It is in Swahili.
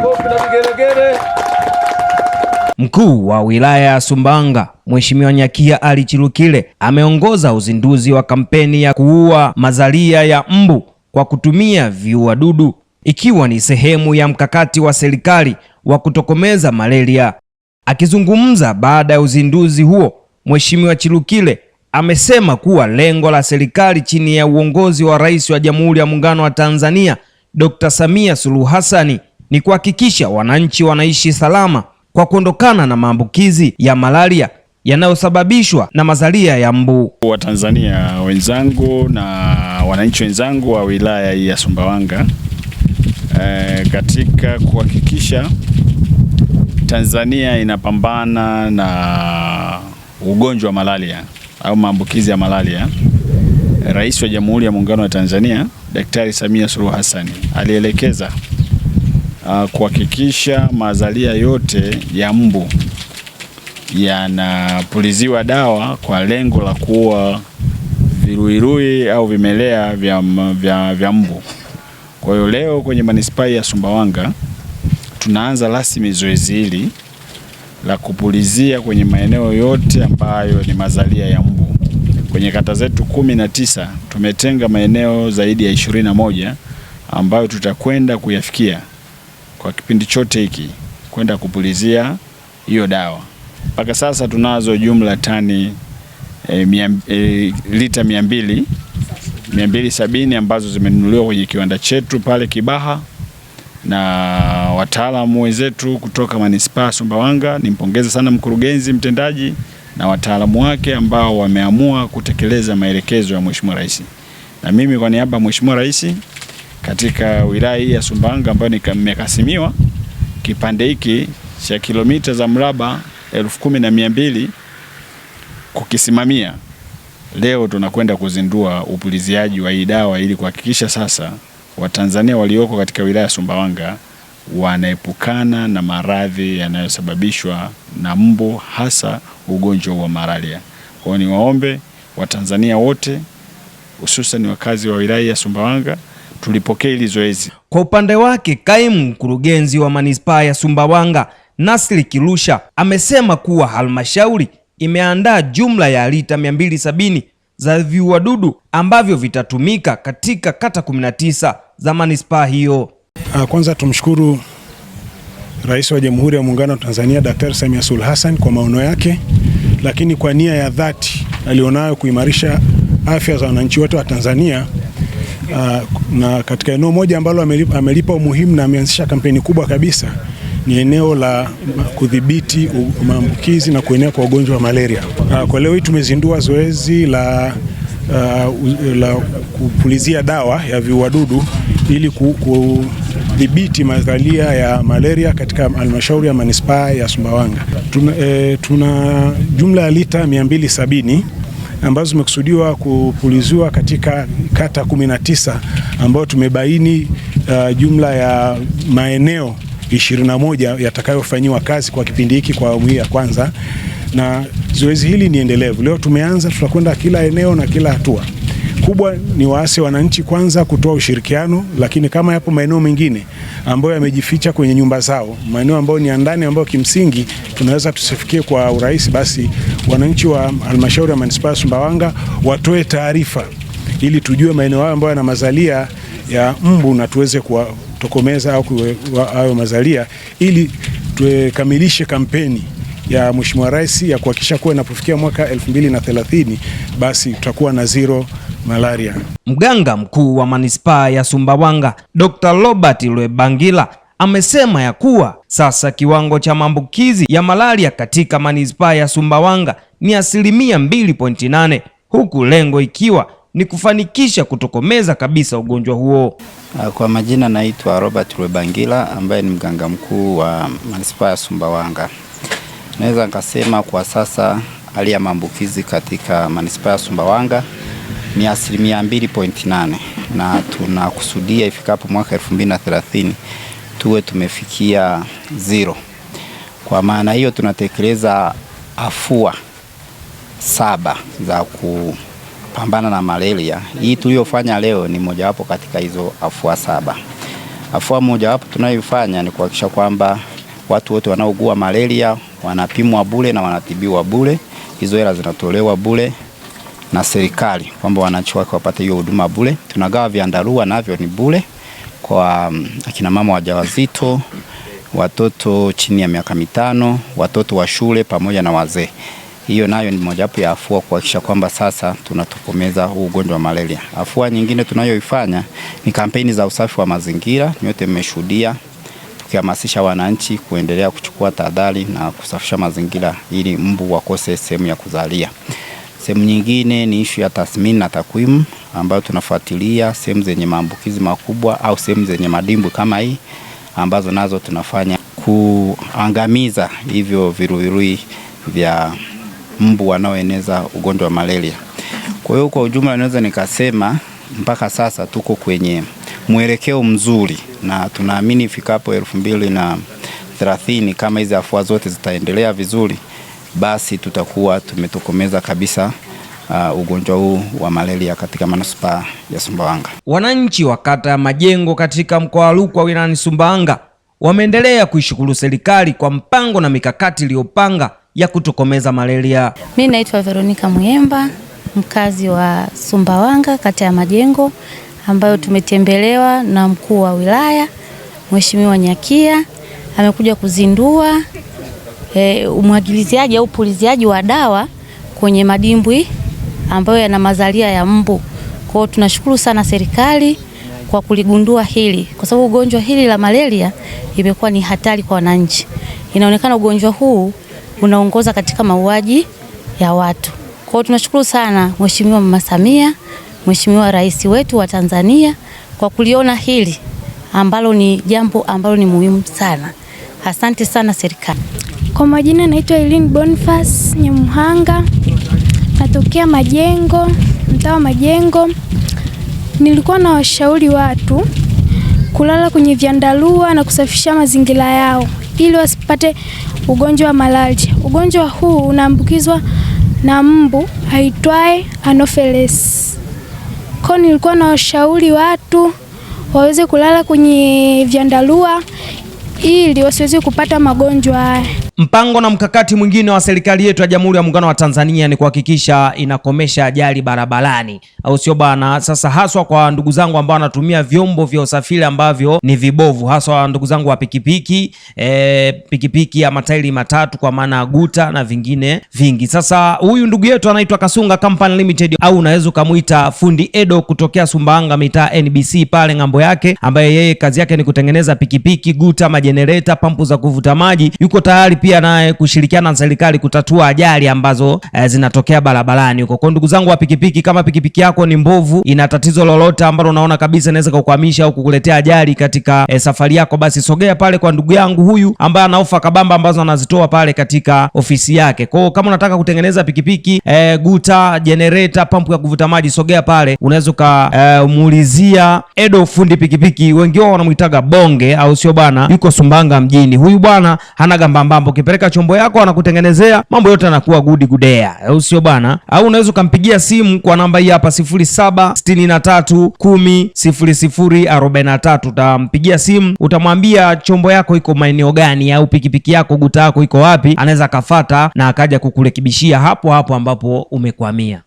makofi na vigelegele. Mkuu wa wilaya ya Sumbawanga Mheshimiwa Nyakia Ali Chilukile ameongoza uzinduzi wa kampeni ya kuua mazalia ya mbu kwa kutumia viua dudu ikiwa ni sehemu ya mkakati wa serikali wa kutokomeza malaria. Akizungumza baada ya uzinduzi huo, Mheshimiwa Chilukile amesema kuwa lengo la serikali chini ya uongozi wa Rais wa Jamhuri ya Muungano wa Tanzania Dr. Samia Suluhu Hassani ni kuhakikisha wananchi wanaishi salama kwa kuondokana na maambukizi ya malaria yanayosababishwa na mazalia ya mbu. Watanzania wenzangu na wananchi wenzangu wa wilaya hii ya Sumbawanga e, katika kuhakikisha Tanzania inapambana na ugonjwa wa malaria au maambukizi ya malaria, Rais wa Jamhuri ya Muungano wa Tanzania Daktari Samia Suluhu Hassan alielekeza uh, kuhakikisha mazalia yote ya mbu yanapuliziwa dawa kwa lengo la kuua viruirui au vimelea vya, vya, vya mbu. Kwa hiyo leo kwenye manispaa ya Sumbawanga tunaanza rasmi zoezi hili la kupulizia kwenye maeneo yote ambayo ni mazalia ya mbu. Kwenye kata zetu kumi na tisa tumetenga maeneo zaidi ya ishirini na moja ambayo tutakwenda kuyafikia kwa kipindi chote hiki kwenda kupulizia hiyo dawa. Mpaka sasa tunazo jumla tani e, mia, e, lita mia mbili mia mbili sabini ambazo zimenunuliwa kwenye kiwanda chetu pale Kibaha na wataalamu wenzetu kutoka manispaa Sumbawanga. Nimpongeze sana mkurugenzi mtendaji na wataalamu wake ambao wameamua kutekeleza maelekezo ya Mheshimiwa Rais, na mimi kwa niaba ya Mheshimiwa Rais katika wilaya hii ya Sumbawanga ambayo nimekasimiwa kipande hiki cha kilomita za mraba elfu kumi na mia mbili kukisimamia. Leo tunakwenda kuzindua upuliziaji wa hii dawa ili kuhakikisha sasa Watanzania walioko katika wilaya ya Sumbawanga wanaepukana na maradhi yanayosababishwa na mbu, hasa ugonjwa wa malaria. Kwa hiyo niwaombe Watanzania wote hususan wakazi wa wilaya ya Sumbawanga tulipokea hili zoezi. Kwa upande wake, kaimu mkurugenzi wa manispaa ya Sumbawanga Nasri Kirusha amesema kuwa halmashauri imeandaa jumla ya lita sabini za viuadudu ambavyo vitatumika katika kata 19 za manispaa hiyo. Ah, kwanza tumshukuru Rais wa Jamhuri ya Muungano wa Tanzania Daktari Samia Suluhu Hassan kwa maono yake, lakini kwa nia ya dhati alionayo kuimarisha afya za wananchi wote wa Tanzania uh, na katika eneo moja ambalo amelipa, amelipa umuhimu na ameanzisha kampeni kubwa kabisa ni eneo la kudhibiti maambukizi na kuenea kwa ugonjwa wa malaria. Uh, kwa leo hii tumezindua zoezi la, uh, la kupulizia dawa ya viuadudu ili ku, ku dhibiti madhalia ya malaria katika halmashauri ya manispaa ya Sumbawanga. Tuna, e, tuna jumla ya lita 270 ambazo zimekusudiwa kupuliziwa katika kata 19 ambayo tumebaini uh, jumla ya maeneo 21 yatakayofanyiwa kazi kwa kipindi hiki kwa awamu hii ya kwanza, na zoezi hili ni endelevu. Leo tumeanza, tutakwenda kila eneo na kila hatua kikubwa ni waasi wananchi kwanza kutoa ushirikiano, lakini kama yapo maeneo mengine ambayo yamejificha kwenye nyumba zao, maeneo ambayo ni ya ndani, ambayo kimsingi tunaweza tusifikie kwa urahisi, basi wananchi wa halmashauri ya manispaa ya Sumbawanga watoe taarifa ili tujue maeneo hayo ambayo yana mazalia ya mbu na tuweze kuwatokomeza au hayo mazalia ili tukamilishe kampeni ya Mheshimiwa Rais ya kuhakikisha kuwa inapofikia mwaka 2030 basi tutakuwa na zero malaria. Mganga mkuu wa manispaa ya Sumbawanga Dr. Robert Lwebangila amesema ya kuwa sasa kiwango cha maambukizi ya malaria katika manispaa ya Sumbawanga ni asilimia 2.8 huku lengo ikiwa ni kufanikisha kutokomeza kabisa ugonjwa huo. Ah, kwa majina naitwa Robert Lwebangila ambaye ni mganga mkuu wa manispaa ya Sumbawanga. Naweza nikasema kwa sasa hali ya maambukizi katika manispaa ya Sumbawanga ni asilimia 2.8 na tunakusudia ifikapo mwaka 2030 tuwe tumefikia zero. Kwa maana hiyo tunatekeleza afua saba za kupambana na malaria. Hii tuliyofanya leo ni mojawapo katika hizo afua saba. Afua mojawapo tunayoifanya ni kuhakikisha kwamba watu wote wanaougua malaria wanapimwa bure na wanatibiwa bure, hizo hela zinatolewa bure na serikali kwamba wananchi wake wapate hiyo huduma bure. Tunagawa vyandarua navyo ni bure kwa mm, akina mama wajawazito, watoto chini ya miaka mitano, watoto wa shule pamoja na wazee. Hiyo nayo ni mojawapo ya afua kuhakikisha kwamba sasa tunatokomeza huu ugonjwa wa malaria. Afua nyingine tunayoifanya ni kampeni za usafi wa mazingira, nyote mmeshuhudia tukihamasisha wananchi kuendelea kuchukua tahadhari na kusafisha mazingira ili mbu wakose sehemu ya kuzalia. Sehemu nyingine ni ishu ya tathmini na takwimu ambayo tunafuatilia sehemu zenye maambukizi makubwa au sehemu zenye madimbwi kama hii ambazo nazo tunafanya kuangamiza hivyo viruvirui vya mbu wanaoeneza ugonjwa wa malaria. Kwa hiyo kwa ujumla naweza nikasema mpaka sasa tuko kwenye mwelekeo mzuri na tunaamini ifikapo elfu mbili na thelathini kama hizi afua zote zitaendelea vizuri basi tutakuwa tumetokomeza kabisa Uh, ugonjwa huu wa malaria katika manispaa ya Sumbawanga. Wananchi wa kata ya Majengo katika mkoa wa Rukwa wilayani Sumbawanga wameendelea kuishukuru serikali kwa mpango na mikakati iliyopanga ya kutokomeza malaria. Mimi naitwa Veronica Muyemba, mkazi wa Sumbawanga kata ya Majengo, ambayo tumetembelewa na mkuu wa wilaya Mheshimiwa Nyakia, amekuja kuzindua e, umwagiliziaji au upuliziaji wa dawa kwenye madimbwi ambayo yana mazalia ya mbu. Kwa hiyo tunashukuru sana serikali kwa kuligundua hili, kwa sababu ugonjwa hili la malaria imekuwa ni hatari kwa wananchi. Inaonekana ugonjwa huu unaongoza katika mauaji ya watu. Kwa hiyo tunashukuru sana Mheshimiwa Mama Samia, Mheshimiwa Rais wetu wa Tanzania kwa kuliona hili ambalo ni jambo ambalo ni muhimu sana. Asante sana serikali. Kwa majina naitwa Eileen Bonifas Nyamuhanga, natokea Majengo, mtaa wa Majengo. Nilikuwa na washauri watu kulala kwenye vyandarua na kusafisha mazingira yao ili wasipate ugonjwa wa malaria. Ugonjwa huu unaambukizwa na mbu aitwaye Anopheles. Kwa nilikuwa na washauri watu waweze kulala kwenye vyandarua ili wasiweze kupata magonjwa haya. Mpango na mkakati mwingine wa serikali yetu ya Jamhuri ya Muungano wa Tanzania ni kuhakikisha inakomesha ajali barabarani, au sio bana? Sasa haswa kwa ndugu zangu ambao wanatumia vyombo vya usafiri ambavyo ni vibovu, haswa ndugu zangu wa pikipiki e, pikipiki ya matairi matatu kwa maana ya guta na vingine vingi. Sasa huyu ndugu yetu anaitwa Kasunga Company Limited, au unaweza ukamwita fundi Edo kutokea Sumbawanga mitaa NBC pale ng'ambo yake, ambaye yeye kazi yake ni kutengeneza pikipiki, guta, majenereta, pampu za kuvuta maji, yuko tayari pia pia naye kushirikiana na serikali kutatua ajali ambazo e, zinatokea barabarani huko. Kwa ndugu zangu wa pikipiki, kama pikipiki yako ni mbovu, ina tatizo lolote ambalo unaona kabisa inaweza kukuhamisha au kukuletea ajali katika e, safari yako, basi sogea pale kwa ndugu yangu huyu ambaye ana ofa kabamba ambazo anazitoa pale katika ofisi yake. Kwa kama unataka kutengeneza pikipiki e, guta, generator, pampu ya kuvuta maji, sogea pale, unaweza ukamuulizia e, Edo fundi pikipiki, wengi wao wanamuitaga Bonge, au sio bwana? Yuko Sumbanga mjini huyu bwana, hana gambambambo ukipeleka chombo yako anakutengenezea mambo yote, anakuwa good good air, au sio bana? Au unaweza ukampigia simu kwa namba hii hapa 0763100043 utampigia simu, utamwambia chombo yako iko maeneo gani, au pikipiki yako guta yako iko wapi, anaweza akafata na akaja kukurekebishia hapo hapo ambapo umekwamia.